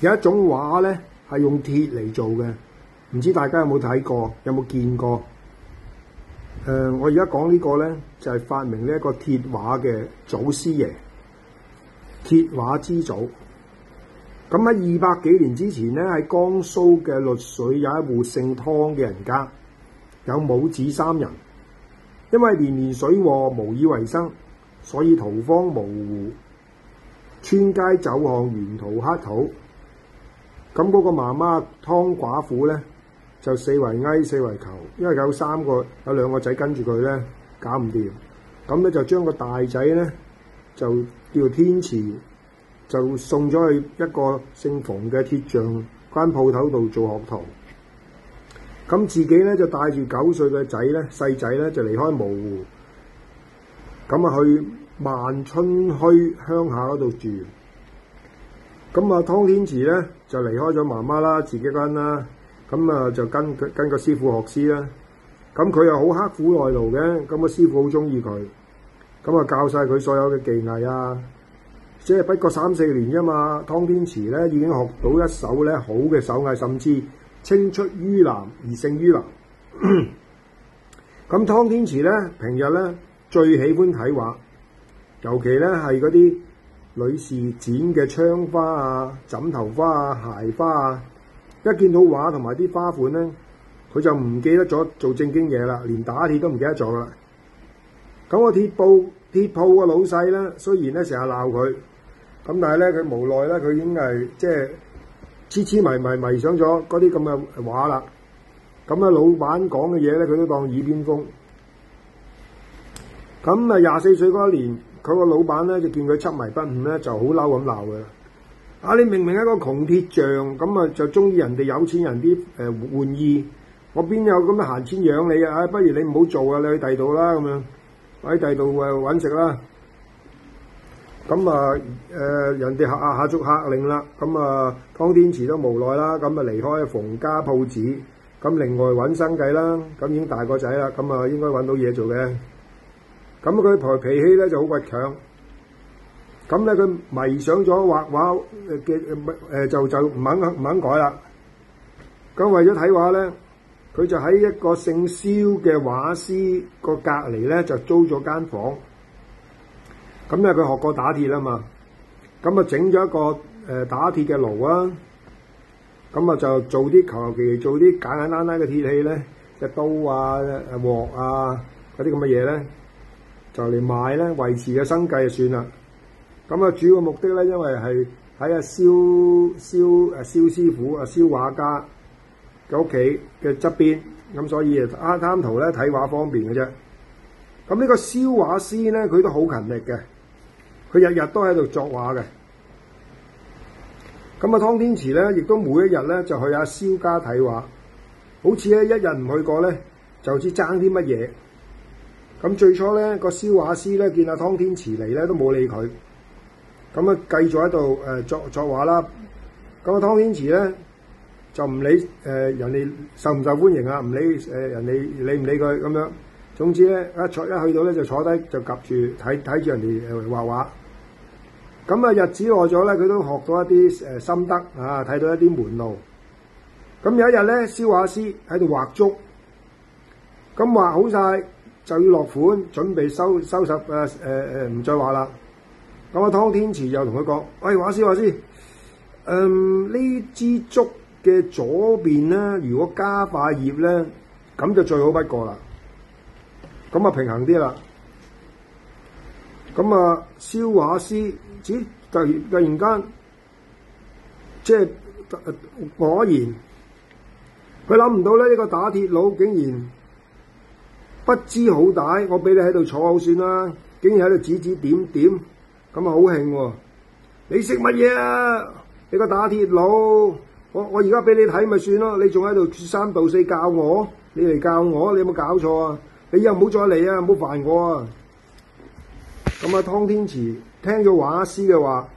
有一種畫咧，係用鐵嚟做嘅，唔知大家有冇睇過，有冇見過？誒、呃，我而家講呢個咧，就係、是、發明呢一個鐵畫嘅祖師爺，鐵畫之祖。咁喺二百幾年之前咧，喺江蘇嘅溧水有一戶姓湯嘅人家，有母子三人，因為年年水禍無以為生，所以逃荒無戶，村街走巷沿途乞討。咁嗰個媽媽湯寡婦咧，就四圍嗌四圍求，因為有三個有兩個仔跟住佢咧，搞唔掂。咁咧就將個大仔咧就叫天池，就送咗去一個姓馮嘅鐵匠間鋪頭度做學徒。咁自己咧就帶住九歲嘅仔咧細仔咧就離開蕪湖，咁啊去萬春墟鄉下嗰度住。咁啊，湯天池咧就離開咗媽媽啦，自己跟啦，咁啊就跟跟個師傅學師啦。咁佢又好刻苦耐勞嘅，咁個師傅好中意佢，咁啊教晒佢所有嘅技藝啊。即係不過三四年啫嘛，湯天池咧已經學到一手咧好嘅手藝，甚至青出於藍而勝於藍。咁湯 天池咧平日咧最喜歡睇畫，尤其咧係嗰啲。女士剪嘅窗花啊、枕頭花啊、鞋花啊，一見到畫同埋啲花款咧，佢就唔記得咗做正經嘢啦，連打鐵都唔記得咗啦。咁個鐵鋪鐵鋪個老細咧，雖然咧成日鬧佢，咁但係咧佢無奈咧，佢已經係即係痴痴迷迷迷上咗嗰啲咁嘅畫啦。咁啊，老闆講嘅嘢咧，佢都當耳邊風。咁啊，廿四歲嗰一年。佢個老闆咧就見佢執迷不悟咧，就好嬲咁鬧佢。啊！你明明一個窮鐵匠，咁啊就中意人哋有錢人啲誒玩意，我邊有咁嘅閒錢養你啊？不如你唔好做啊，你去第二度啦咁樣，喺第二度誒揾食啦。咁啊誒，人哋下下足逐客令啦。咁啊，湯天池都無奈啦。咁啊，離開馮家鋪子，咁另外揾生計啦。咁已經大個仔啦，咁啊應該揾到嘢做嘅。咁佢婆脾氣咧就好倔強，咁咧佢迷上咗畫畫嘅嘅、呃呃、就就唔肯唔肯改啦。咁為咗睇畫咧，佢就喺一個姓蕭嘅畫師個隔籬咧就租咗間房。咁咧佢學過打鐵啊嘛，咁啊整咗一個誒打鐵嘅爐啊，咁啊就做啲求其做啲簡簡單單嘅鐵器咧，隻刀啊、鑊啊嗰啲咁嘅嘢咧。就嚟買咧，維持嘅生計就算啦。咁啊，主要的目的咧，因為係喺阿蕭蕭誒蕭師傅，阿蕭畫家嘅屋企嘅側邊，咁所以啊，貪圖咧睇畫方便嘅啫。咁呢個蕭畫師咧，佢都好勤力嘅，佢日日都喺度作畫嘅。咁啊，湯天池咧，亦都每一日咧就去阿蕭家睇畫，好似咧一日唔去過咧，就似爭啲乜嘢。咁最初咧，個肖畫師咧見阿湯天池嚟咧，都冇理佢。咁啊，繼續喺度誒作作畫啦。咁、那、阿、個、湯天池咧就唔理誒、呃、人哋受唔受歡迎啊，唔理誒、呃、人哋理唔理佢咁樣。總之咧，一坐一去到咧就坐低就夾住睇睇住人哋誒畫畫。咁啊，日子耐咗咧，佢都學到一啲誒心得啊，睇到一啲門路。咁有一日咧，肖畫師喺度畫竹，咁、那個、畫好晒。就要落款，準備收收拾誒誒誒，唔、呃呃呃、再畫啦。咁啊，湯天池又同佢講，喂、哎，畫師，畫師，嗯，呢支竹嘅左邊咧，如果加塊葉咧，咁就最好不過啦。咁啊，平衡啲啦。咁啊，肖畫師，咦突然突然間，即係、呃、果然，佢諗唔到咧，呢個打鐵佬竟然～不知好歹，我俾你喺度坐好算啦！竟然喺度指指點點，咁啊好慶喎！你食乜嘢啊？你個打鐵佬，我我而家俾你睇咪算咯！你仲喺度三道四教我，你嚟教我，你有冇搞錯啊？你以後唔好再嚟啊！唔好煩我。咁啊，湯天池聽咗畫師嘅話，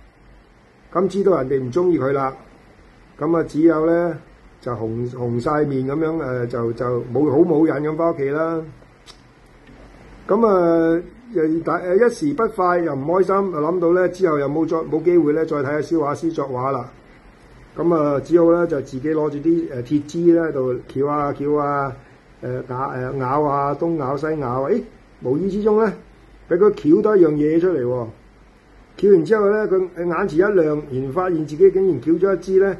咁知道人哋唔中意佢啦，咁啊只有咧就紅紅晒面咁樣誒、呃，就就冇好冇癮咁翻屋企啦。咁啊，人大誒一時不快又唔開心，諗到咧之後又冇再冇機會咧再睇下肖畫師作畫啦。咁啊、呃，只好咧就自己攞住啲誒鐵枝咧喺度撬啊撬啊，誒打誒咬啊東咬西咬、啊，誒無意之中咧俾佢撬多一樣嘢出嚟喎。撬完之後咧，佢眼前一亮，然發現自己竟然撬咗一支咧，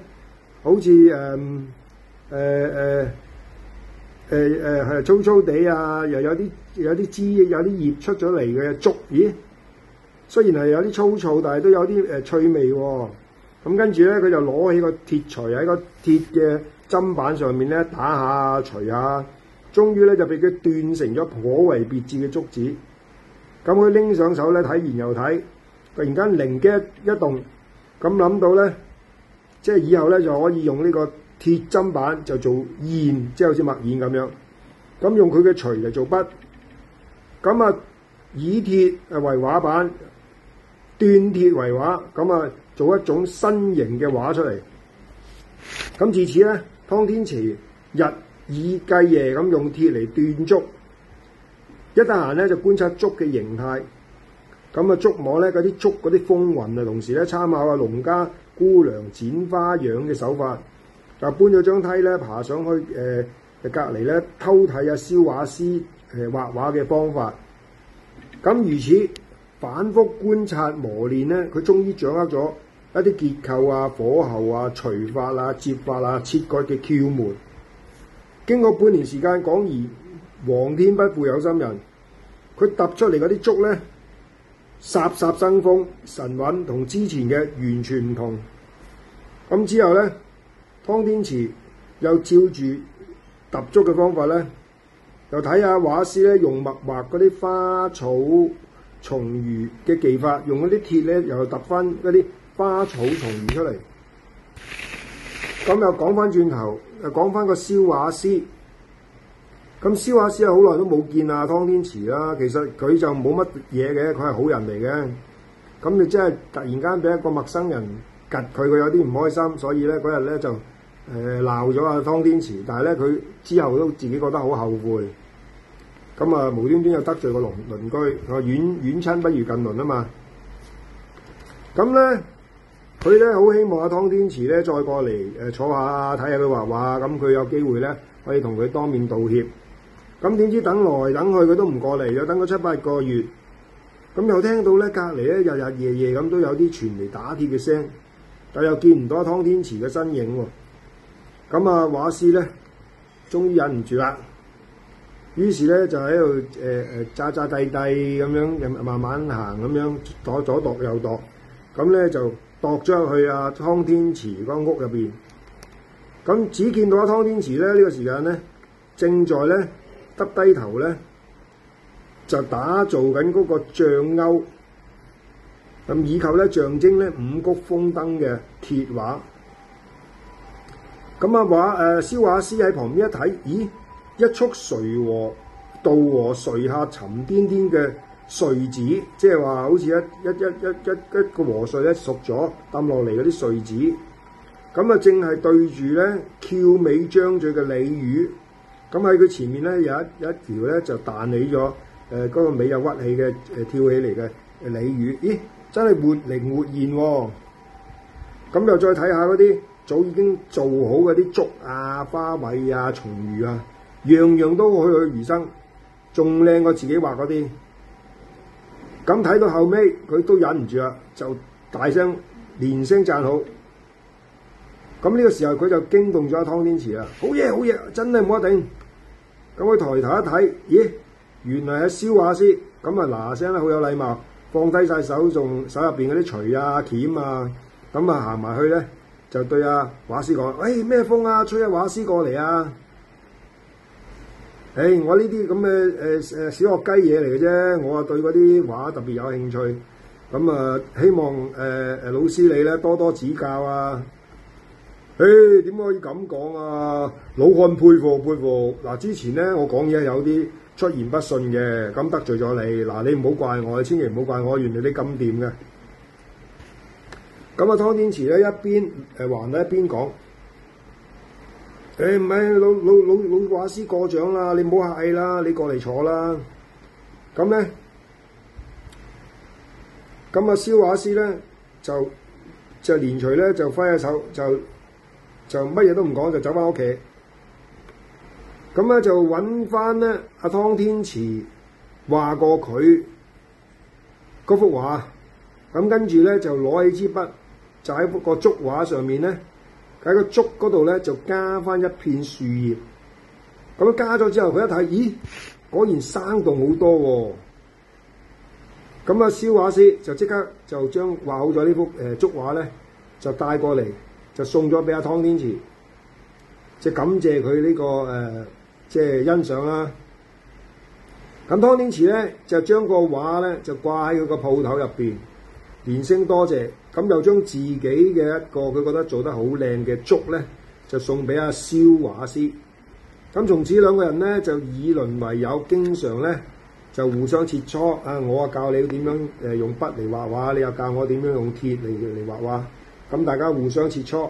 好似誒誒誒。呃呃呃誒誒係粗粗地啊，又有啲有啲枝有啲葉出咗嚟嘅竹葉，雖然係有啲粗糙，但係都有啲誒趣味喎。咁跟住咧，佢就攞起個鐵錘喺個鐵嘅砧板上面咧打下錘下，終於咧就俾佢斷成咗頗為別致嘅竹子。咁佢拎上手咧睇完又睇，突然間靈機一動，咁諗到咧，即係以後咧就可以用呢、呢個。鐵砧板就做硯即係好似墨硯咁樣。咁用佢嘅錘嚟做筆，咁啊以鐵啊為畫板，斷鐵為畫，咁啊做一種新型嘅畫出嚟。咁自此咧，湯天池日以繼夜咁用鐵嚟斷竹，一得閒咧就觀察竹嘅形態。咁啊，捉摸咧嗰啲竹嗰啲風雲啊，同時咧參考阿農家姑娘剪花樣嘅手法。就搬咗張梯咧，爬上去誒，隔籬咧偷睇阿肖畫師誒、呃、畫畫嘅方法。咁如此反覆觀察磨練咧，佢終於掌握咗一啲結構啊、火候啊、除法啊、接法啊、切割嘅竅門。經過半年時間講而，皇天不負有心人，佢揼出嚟嗰啲竹咧，霎霎生風，神韻同之前嘅完全唔同。咁之後咧。湯天池又照住揼竹嘅方法咧，又睇下畫師咧用墨畫嗰啲花草蟲魚嘅技法，用嗰啲鐵咧又揼翻嗰啲花草蟲魚出嚟。咁又講翻轉頭，又講翻個蕭畫師。咁蕭畫師啊，好耐都冇見啦，湯天池啦。其實佢就冇乜嘢嘅，佢係好人嚟嘅。咁你即係突然間俾一個陌生人㗎佢，佢有啲唔開心，所以咧嗰日咧就。誒鬧咗阿湯天池，但係咧佢之後都自己覺得好後悔。咁啊，無端端又得罪個鄰鄰居，佢話遠遠親不如近鄰啊嘛。咁咧，佢咧好希望阿湯天池咧再過嚟誒坐下睇下佢畫畫，咁佢有機會咧可以同佢當面道歉。咁點知等來等去佢都唔過嚟，又等咗七八個月，咁又聽到咧隔籬咧日日夜夜咁都有啲傳嚟打鐵嘅聲，但又見唔到阿湯天池嘅身影喎。咁啊，畫師咧，終於忍唔住啦，於是咧就喺度誒誒揸揸地地咁樣，又慢慢行咁樣，左左度右度。咁咧就度咗去阿、啊、湯天池嗰間屋入邊。咁只見到阿湯天池咧，呢、呢個時間咧，正在咧耷低頭咧，就打造緊嗰個象鈎，咁以及咧象徵咧五穀豐登嘅鐵畫。咁啊，畫誒蕭畫師喺旁邊一睇，咦，一束垂禾，倒禾垂下沉甸甸嘅穗子，即係話好似一一一一一一,一,一個禾穗咧熟咗，揼落嚟嗰啲穗子。咁啊，正係對住咧翹尾張嘴嘅鯉魚，咁喺佢前面咧有一一條咧就彈起咗，誒、呃、嗰、那個尾又屈起嘅誒、呃、跳起嚟嘅鯉魚，咦，真係活靈活現喎、哦！咁又再睇下嗰啲。早已經做好嗰啲竹啊、花卉啊、松魚啊，樣樣都栩栩如生，仲靚過自己畫嗰啲。咁睇到後尾佢都忍唔住啦，就大聲連聲讚好。咁呢個時候佢就驚動咗湯天池啦， 好嘢好嘢，真係冇一定。咁佢抬頭一睇，咦，原來係燒畫師，咁啊嗱聲啦，好有禮貌，放低晒手，仲手入邊嗰啲錘啊、鉗啊，咁啊行埋去咧。就對阿、啊、畫師講：誒、欸、咩風啊？吹阿、啊、畫師過嚟啊！誒、欸，我呢啲咁嘅誒誒小學雞嘢嚟嘅啫，我啊對嗰啲畫特別有興趣。咁、嗯、啊、呃，希望誒誒、呃、老師你咧多多指教啊！誒、欸、點可以咁講啊？老漢佩服佩服。嗱，之前咧我講嘢有啲出言不遜嘅，咁得罪咗你。嗱、啊，你唔好怪我，千祈唔好怪我，原來你咁掂嘅。咁啊，湯天池咧一邊誒、呃欸、話咧一邊講，誒唔係老老老老畫師過獎啦，你唔好客氣啦，你過嚟坐啦。咁咧，咁啊肖畫師咧就就連隨咧就揮下手就就乜嘢都唔講就走翻屋企。咁咧就揾翻咧阿湯天池話過佢嗰幅畫，咁跟住咧就攞起支筆。就喺幅個竹畫上面咧，喺個竹嗰度咧就加翻一片樹葉，咁加咗之後，佢一睇，咦，果然生動好多喎、哦！咁啊，蕭畫師就即刻就將畫好咗呢幅誒竹畫咧，就帶過嚟，就送咗俾阿湯天池，即係感謝佢呢、這個誒、呃，即係欣賞啦、啊。咁湯天池咧就將個畫咧就掛喺佢個鋪頭入邊。連聲多謝，咁又將自己嘅一個佢覺得做得好靚嘅竹呢，就送俾阿蕭畫師。咁從此兩個人呢就以鄰為友，經常呢就互相切磋啊！我啊教你點樣誒用筆嚟畫畫，你又教我點樣用鐵嚟嚟畫畫。咁大家互相切磋，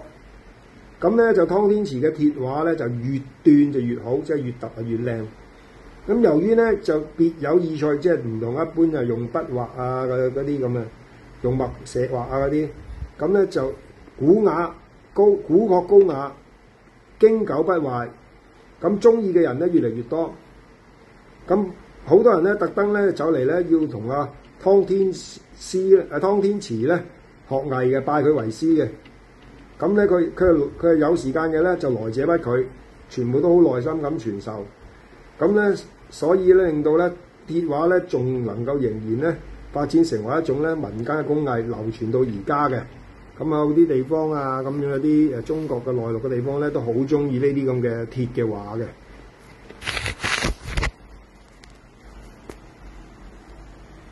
咁呢，就湯天池嘅鐵畫呢就越斷就越好，即係越突係越靚。咁由於呢就別有意趣，即係唔同一般就用筆畫啊嗰啲咁啊。用墨寫畫啊嗰啲，咁咧就古雅高古樸高雅，經久不壞。咁中意嘅人咧越嚟越多，咁好多人咧特登咧走嚟咧要同阿湯天師誒湯天池咧學藝嘅，拜佢為師嘅。咁咧佢佢佢有時間嘅咧就來者不拒，全部都好耐心咁傳授。咁咧所以咧令到咧鐵畫咧仲能夠仍然咧，發展成為一種咧民間嘅工藝，流傳到而家嘅。咁啊，有啲地方啊，咁樣有啲誒中國嘅內陸嘅地方咧，都好鍾意呢啲咁嘅鐵嘅畫嘅。